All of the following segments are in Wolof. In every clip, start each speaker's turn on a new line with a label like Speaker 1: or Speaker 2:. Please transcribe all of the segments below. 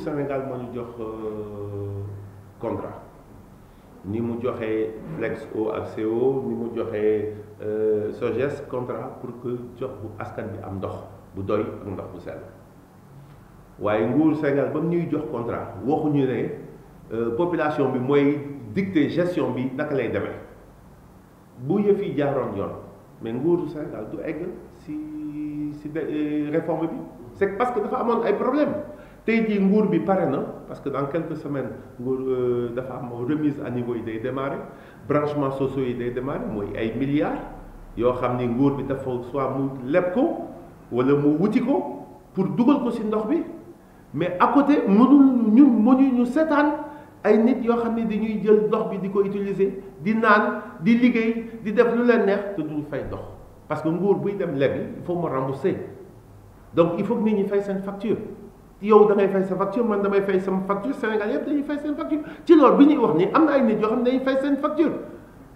Speaker 1: Sénégal moo nu jox euh, contrat ni mu joxe Flex O ak CO ni mu joxee euh, SOGES contrat pour que jox bu askan bi am ndox bu doy ak ndox bu sell waaye nguur Sénégal ba mu ñuy jox contrat waxuñu ne euh, population bi mooy dicter gestion bi naka lay demee bu yëf yi jaaroon yoon mais nguuru Sénégal du egg si si réforme bi c'est parce que dafa amoon ay problème tey jii nguur bi pare na parce que dans quelque semaines nguur euh, dafa am remise à niveau yi day démarrer branchement sociaux yi day démarrer mooy ay milliards yoo xam ni nguur bi dafa soit mu leb ko wala mu wuti ko pour dugal ko si ndox bi mais à côté mënul ñun mënuñu ñu seetaan ay nit yoo xam ne dañuy jël ndox bi di ko utiliser di naan di liggéey di def lu leen neex te duñu fay ndox parce que nguur buy dem lebi il faut mu rembourser donc il faut que nit ñi fay seen facture yow da ngay fay sa facture man damay fay sama facture Sénégal yëpp dañuy fay seen bi ñuy wax ni am na ay nit yoo xam ne dañuy fay seen facture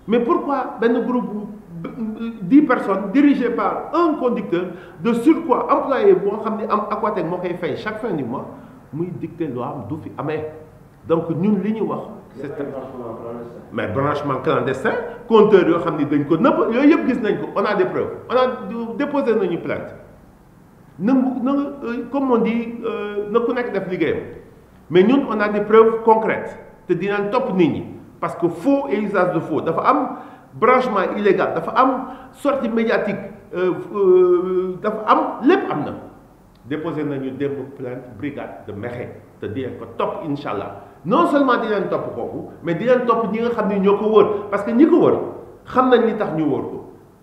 Speaker 1: mais pourquoi benn groupe euh, dix personnes dirigé par un conducteur de surcroît employé boo xam ne am Aquatec moo koy fay chaque fin du mois muy dicté loo am du fi donc ñun li ñu wax c'est mais branchement clandestin compteur yoo xam ne dañ ko nëpp yooyu yëpp gis nañ ko on a des preuves on a déposé nañu plainte na na euh, comme on dit euh, na ku nekk def liggéeyam mais ñun on a des preuves concrètes te dinañ topp nit ñi parce que faux et de faux dafa am branchement illégal dafa am sortie médiatique euh, dafa am lépp am na déposé nañu démb plainte brigade de Mekhe te dinañ ko topp incha allah non seulement dinañ topp kooku mais dinañ topp ñi nga xam ni ñoo ko wër parce que ñi ko wër xam nañ li tax ñu wër ko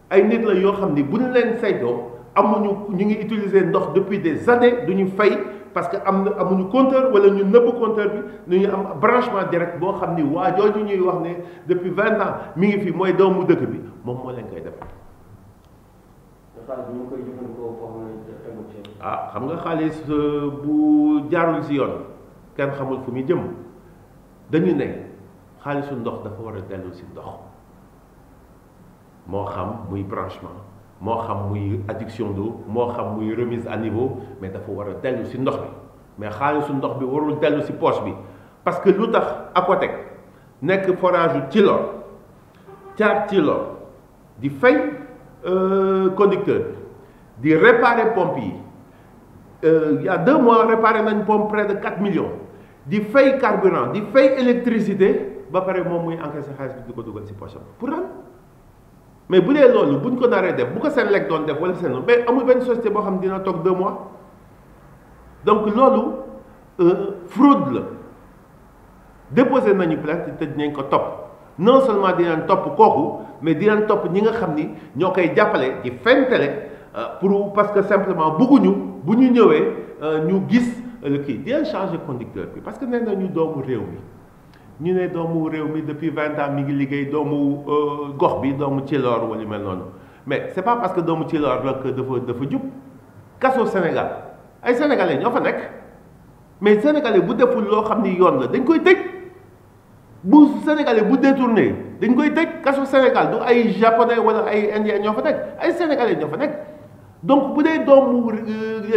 Speaker 1: ay nit la yoo xam ni bu ñu leen saytoo. am amuñu ñu ñu ngi utiliser ndox depuis des années duñu fay parce que am na amuñu compteur wala ñu nëbb compteur bi ñu am branchement direct boo xam ni waa jooju ñuy wax ne depuis vingt ans mi ngi fi mooy doomu dëkk bi moom moo leen koy def. ah xam nga xaalis euh, bu jaarul si yoon kenn xamul fu muy jëm dañu ne xaalisu ndox dafa war a dellu si ndox moo xam muy branchement. moo xam muy adduction d'eau moo xam muy remise à niveau mais dafa war a dellu si ndox bi mais xaalisu ndox bi warul dellu si poche bi parce que lu tax Aquatec nekk forage u Tilor caar Tilor di fay euh, conducteur di réparer pompe yi euh, il y a deux mois réparé nañ pompe près de 4 millions di fay carburant di fay électricité ba pare moom muy encaissé xaalis bi di ko dugal si poche bi pour lan mais bu dee loolu buñ ko naree def bu ko seen lekk doon def wala seen mais amul benn société boo xam dina toog donc loolu euh, fraude la déposé nañu plainte te dinañ ko topp non seulement dinañ topp kooku mais dinañ topp ñi nga xam ni ñoo koy jàppale ci fentale euh, pour parce que simplement bëgguñu bu ñu ñëwee euh, ñu gis le kii dinañ changer conducteur bi parce que nee nañu doomu réew mi ñu ne doomu réew mi depuis vingt ans mi ngi liggéey doomu euh, gox bi doomu ci loor wala mel noonu mais c'est pas parce que doomu ci loor la que dafa dafa jub kaso Sénégal ay sénégalais ñoo fa nekk mais sénégalais bu deful loo xam ni yoon la dañ koy tëj bu sénégalais bu détourné dañ koy tëj kaso Sénégal du ay japonais wala ay indien ñoo fa nekk ay sénégalais ñoo fa nekk donc bu dee doomu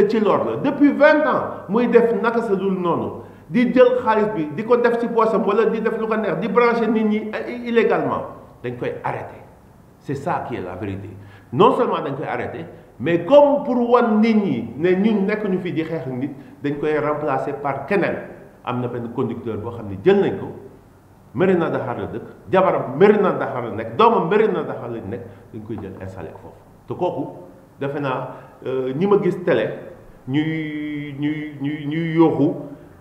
Speaker 1: ci euh, loor la depuis vingt ans muy def naka sa dul noonu. di jël xaalis bi di ko def ci poosam wala di def lu ko neex di brancher nit ñi euh, illégalement dañ koy arrêter c'est ça qui est la vérité non seulement dañ koy arrété mais comme pour wan nit ñi ne ñu nekk ñu fii di xeex nit dañ koy remplacer par keneen am na benn conducteur boo xam ne jël nañ ko Mérina Dakhar la dëkk jabaram Mérina Dakhar la nekk doomam Mérina Dakhar lañ nekk dañ koy jël installé ko foofu te kooku defe naa euh, ñi ma gis télé ñuy ñuy ñuy ñuy yooxu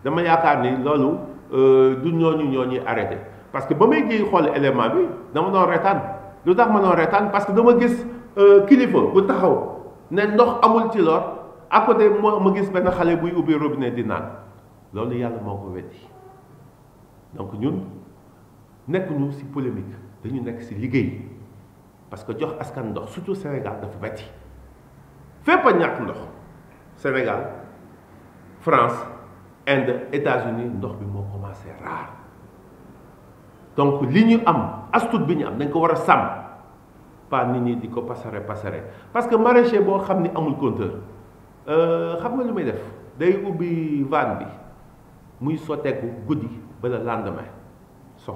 Speaker 1: dama yaakaar ni loolu euh, du ñooñu ñoo ñuy arrêté parce que ba may jiy xool élément bi dama doon retaan lu tax ma doon retaan parce que dama gis euh, kilifa bu taxaw ne ndox amul ci lor à côté moo ma gis benn xale buy ubbi robinet di naan loolu yàlla moo ko weddi donc ñun nekkuñu ci polémique dañu nekk ci liggéey parce que jox askan ndox surtout Sénégal dafa metti fépp a ñàkk ndox Sénégal France Inde États-Unis ndox bi moo commencé raar donc li ñu am astut bi ñu am dañ ko war a sàmm pas nit ñi di ko pasare pasare parce que maraîcher boo xam ni amul compteur euh, xam nga lu may def day ubbi vanne bi muy sotteeku guddi ba le lendemain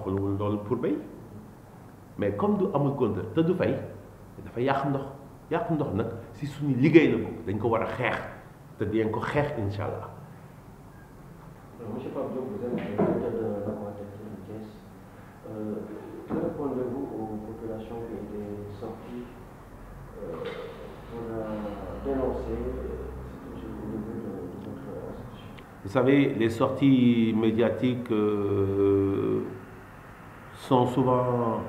Speaker 1: loolu pour bay mais comme du amul compteur te du fay dafa yàq ndox yàq ndox nag si suñu liggéey la ko dañ ko war a xeex te dinañ ko xeex incha allah. Monsieur Pablo, vous êtes la Guadeloupe de que répondez-vous aux populations qui étaient sorties pour dénoncer vous savez, les sorties médiatiques euh, sont souvent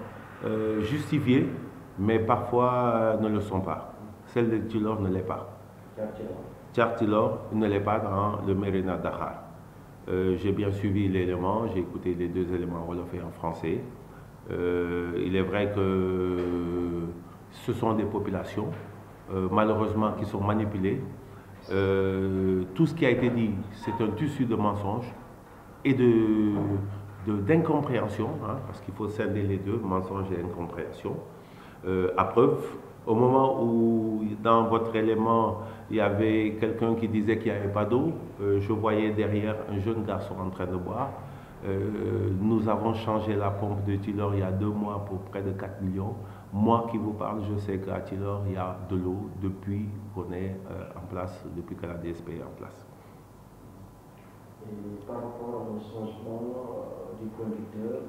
Speaker 1: euh, justifiées, mais parfois euh, ne le sont pas. Celle de Tilor ne l'est pas. dans le Merena Dakar. Euh, j'ai bien suivi l'élément, j'ai écouté les deux éléments wolof et en français. Euh, il est vrai que ce sont des populations, euh, malheureusement, qui sont manipulées. Euh, tout ce qui a été dit, c'est un tissu de mensonges et d'incompréhension, de, de hein, parce qu'il faut scinder les deux, mensonge et incompréhension. Euh, à preuve, Au moment où dans votre élément, il y avait quelqu'un qui disait qu'il n'y avait pas d'eau, euh, je voyais derrière un jeune garçon en train de boire. Euh, nous avons changé la pompe de Tilor y a deux mois pour près de millions. Moi qui vous parle, je sais qu'à Tilor, il y a de l'eau depuis qu'on est euh, en place, depuis que la DSP est en place. par rapport au changement euh, du conducteur,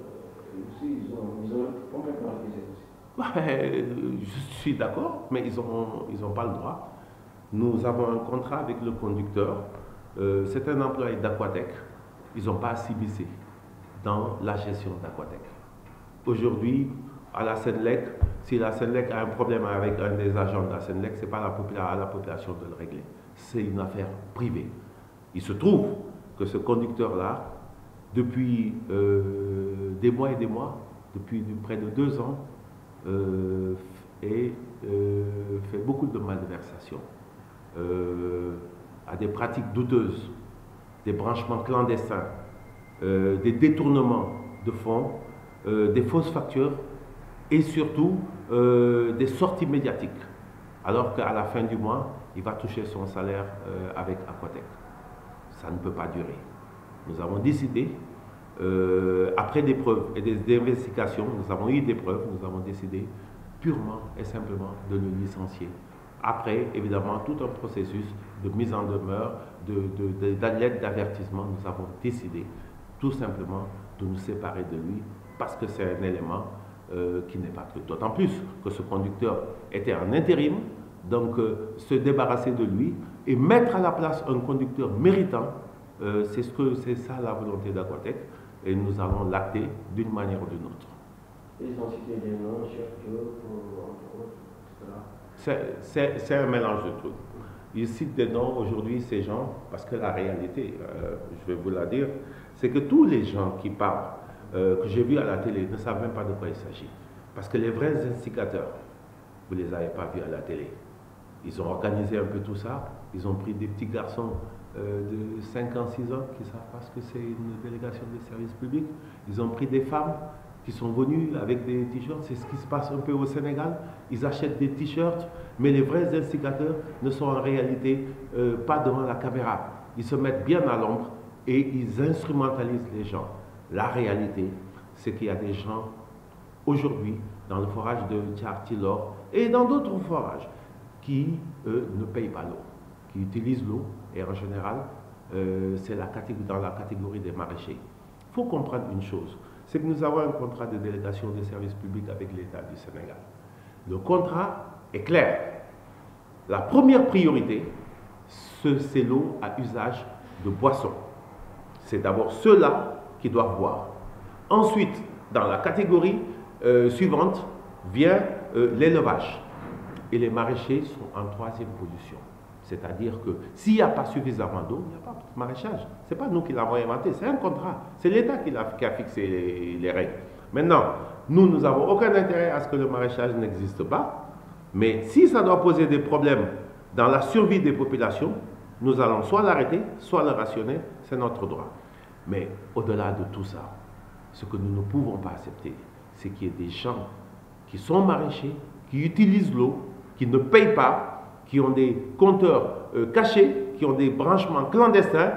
Speaker 1: aussi, ils ont, ils ont complètement refusé aussi. bah, euh, je suis d'accord, mais ils ont pas le droit. Nous avons un contrat avec le conducteur. Euh, c'est un employé d'Aquatec. Ils n'ont pas à dans la gestion d'Aquatec. Aujourd'hui, à la Sénélec, si la Sénélec a un problème avec un des agents de la Sénélec, ce pas à la population de le régler. C'est une affaire privée. Il se trouve que ce conducteur-là, depuis euh, des mois et des mois, depuis près de deux ans, euh, et euh, fait beaucoup de malversations, euh, à des pratiques douteuses, des branchements clandestins, euh, des détournements de fonds, euh, des fausses factures et surtout des sorties médiatiques, alors qu'à la fin du mois, il va toucher son salaire avec Aquatec. Ça ne peut pas durer. Nous avons décidé Euh, après des preuves et des, des, investigations, nous avons eu des preuves, nous avons décidé purement et simplement de le licencier. Après, évidemment, tout un processus de mise en demeure, d'alerte de, de, d'avertissement, nous avons décidé tout simplement de nous séparer de lui parce que c'est un élément euh, qui n'est pas que D'autant plus que ce conducteur était en intérim, donc euh, se débarrasser de lui et mettre à la place un conducteur méritant, euh, c'est ce que c'est ça la volonté d'Aquatec. et nous allons l'acter d'une manière ou d'une autre. C'est un mélange de tout. Ils citent des noms aujourd'hui, ces gens, parce que la réalité, euh, je vais vous la dire, c'est que tous les gens qui parlent, euh, que j'ai vu à la télé, ne savent même pas de quoi il s'agit. Parce que les vrais instigateurs, vous ne pas vus à la télé. Ils ont organisé un peu tout ça, ils ont pris des petits garçons Euh, de 5 ans, 6 ans, qui savent parce que c'est une délégation de service public. Ils ont pris des femmes qui sont venues avec des t-shirts. C'est ce qui se passe un peu au Sénégal. Ils achètent des t-shirts, mais les vrais instigateurs ne sont en réalité euh, pas devant la caméra. Ils se mettent bien à l'ombre et ils instrumentalisent les gens. La réalité, c'est qu'il y a des gens aujourd'hui dans le forage de Tchartilor et dans d'autres forages qui ne payent pas l'eau, en général, euh, c'est la catégorie, dans la catégorie des maraîchers. Il faut comprendre une chose, c'est que nous avons un contrat de délégation des services publics avec l'État du Sénégal. Le contrat est clair. La première priorité, c'est l'eau à usage de boisson. C'est d'abord ceux-là qui doivent boire. Ensuite, dans la catégorie euh, suivante, vient euh, l'élevage. Et les maraîchers sont en troisième position. C'est-à-dire que s'il n'y a pas suffisamment d'eau, il n'y a pas maraîchage. Ce pas nous qui l'avons inventé, c'est un contrat. C'est l'État qui, a fixé les, règles. Maintenant, nous, n'avons aucun intérêt à ce que le maraîchage n'existe pas. Mais si ça doit poser des problèmes dans la survie des populations, nous allons soit l'arrêter, soit le rationner. C'est notre droit. Mais au-delà de tout ça, ce que nous ne pouvons pas accepter, c'est qu'il y ait des qui ont des compteurs euh, cachés, qui ont des branchements clandestins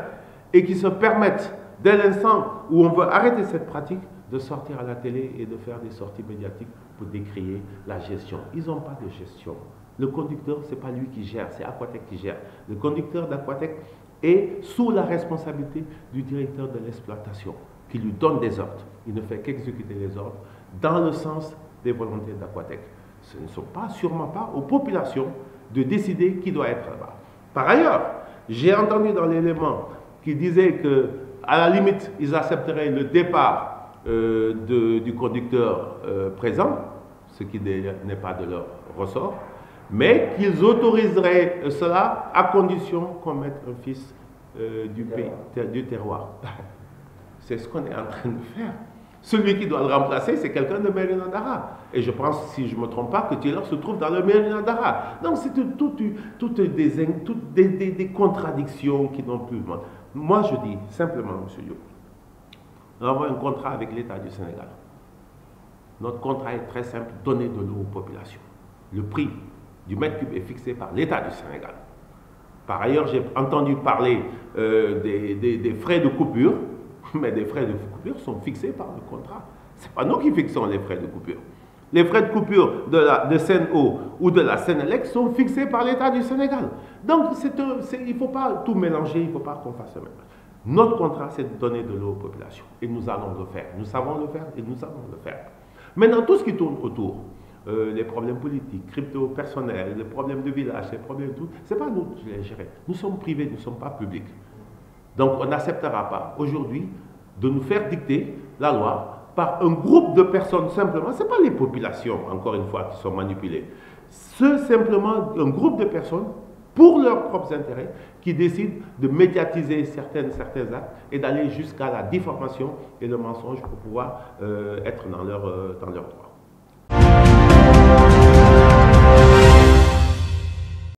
Speaker 1: et qui se permettent, dès l'instant où on veut arrêter cette pratique, de sortir à la télé et de faire des sorties médiatiques pour décrier la gestion. Ils n'ont pas de gestion. Le conducteur, ce n'est pas lui qui gère, c'est Aquatec qui gère. Le conducteur d'Aquatec est sous la responsabilité du directeur de l'exploitation, qui lui donne des ordres. Il ne fait qu'exécuter les ordres dans le sens des volontés d'Aquatec. Ce ne de décider qui doit être là-bas. Par ailleurs, j'ai entendu dans l'élément qui disait que, à la limite, ils accepteraient le départ euh, de, du conducteur euh, présent, ce qui n'est pas de leur ressort, mais qu'ils autoriseraient cela à condition qu'on mette un fils euh, du, pays, ter, du terroir. C'est ce qu'on est en train de faire. Celui qui doit le remplacer, c'est quelqu'un de Merinandara. Et je pense, si je ne me trompe pas, que Taylor se trouve dans le Merinandara. Donc, c'est toutes des, contradictions qui n'ont plus. Moi, je dis simplement, M. Diop, nous avons un contrat avec l'État du Sénégal. Notre contrat est très simple donner de l'eau aux populations. Le prix du mètre est fixé par l'État du Sénégal. Par ailleurs, j'ai entendu parler euh, des, des frais de coupure, mais des coupure sont fixés par le contrat. Ce n'est pas nous qui fixons les frais de coupure. Les frais de coupure de, la, de Seine-Eau ou de la Sénélec sont fixés par l'État du Sénégal. Donc, c est, c est, il ne faut pas tout mélanger, il ne faut pas qu'on fasse le même. Notre contrat, c'est de donner de l'eau aux populations. Et nous allons le faire. Nous savons le faire et nous allons le faire. Maintenant, tout ce qui tourne autour, euh, les problèmes politiques, crypto personnels, les problèmes de village, les problèmes de tout, ce n'est pas nous qui les gérons. Nous sommes privés, nous ne sommes pas publics. Donc, on n'acceptera pas aujourd'hui de nous faire dicter la loi par un groupe de personnes simplement. Ce n'est pas les populations, encore une fois, qui sont manipulées. C'est un groupe de personnes, pour leurs propres intérêts, qui décident de médiatiser certaines, certains actes et d'aller jusqu'à la déformation et le mensonge pour pouvoir euh, être dans leur, euh,